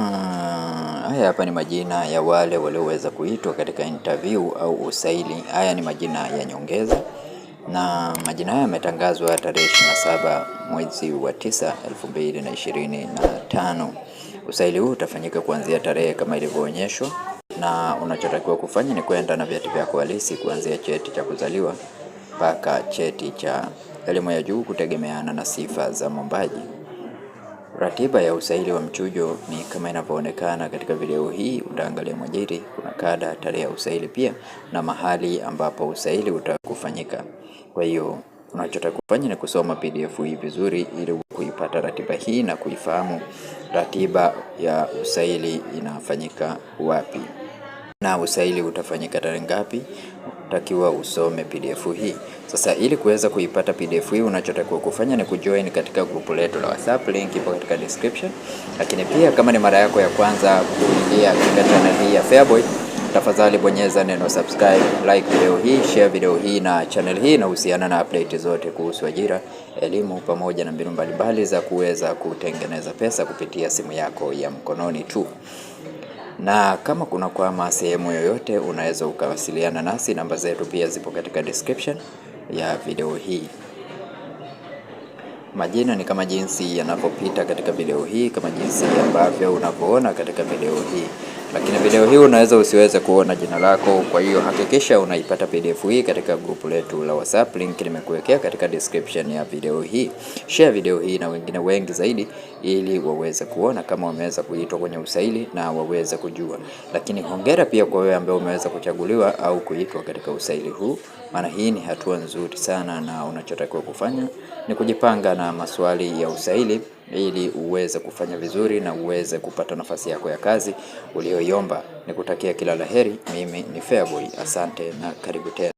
Ah, haya hapa ni majina ya wale walioweza kuitwa katika interview au usaili. Haya ni majina ya nyongeza na majina haya yametangazwa tarehe saba mwezi wa 9 2025. Usaili huu utafanyika kuanzia tarehe kama ilivyoonyeshwa, na unachotakiwa kufanya ni kwenda na vyeti vyako halisi kuanzia cheti cha kuzaliwa mpaka cheti cha elimu ya juu kutegemeana na sifa za mwombaji. Ratiba ya usaili wa mchujo ni kama inavyoonekana katika video hii. Utaangalia mwajiri, kuna kada, tarehe ya usaili pia na mahali ambapo usaili utakufanyika. Kwa hiyo kufanya ni kusoma PDF hii vizuri, ili kuipata ratiba hii na kuifahamu ratiba ya usaili inafanyika wapi na usaili utafanyika tarehe ngapi unatakiwa usome PDF hii. Sasa ili kuweza kuipata PDF hii unachotakiwa kufanya ni kujoin katika grupu letu la WhatsApp, link ipo katika description. Lakini pia kama ni mara yako ya kwanza kuingia katika channel hii ya Feaboy, tafadhali bonyeza neno subscribe, like video hii, share video hii na channel hii inahusiana na update zote kuhusu ajira, elimu pamoja na mbinu mbalimbali za kuweza kutengeneza pesa kupitia simu yako ya mkononi tu na kama kuna kwama sehemu yoyote, unaweza ukawasiliana nasi. Namba zetu pia zipo katika description ya video hii. Majina ni kama jinsi yanavyopita katika video hii, kama jinsi ambavyo unavyoona katika video hii lakini video hii unaweza usiweze kuona jina lako. Kwa hiyo hakikisha unaipata pdf hii katika grupu letu la WhatsApp, link nimekuwekea katika description ya video hii. Share video hii na wengine wengi zaidi, ili waweze kuona kama wameweza kuitwa kwenye usaili na waweze kujua. Lakini hongera pia kwa wewe ambaye umeweza kuchaguliwa au kuitwa katika usaili huu, maana hii ni hatua nzuri sana, na unachotakiwa kufanya ni kujipanga na maswali ya usaili ili uweze kufanya vizuri na uweze kupata nafasi yako ya kazi uliyoiomba. Nikutakia kila la heri. Mimi ni Feaboy, asante na karibu tena.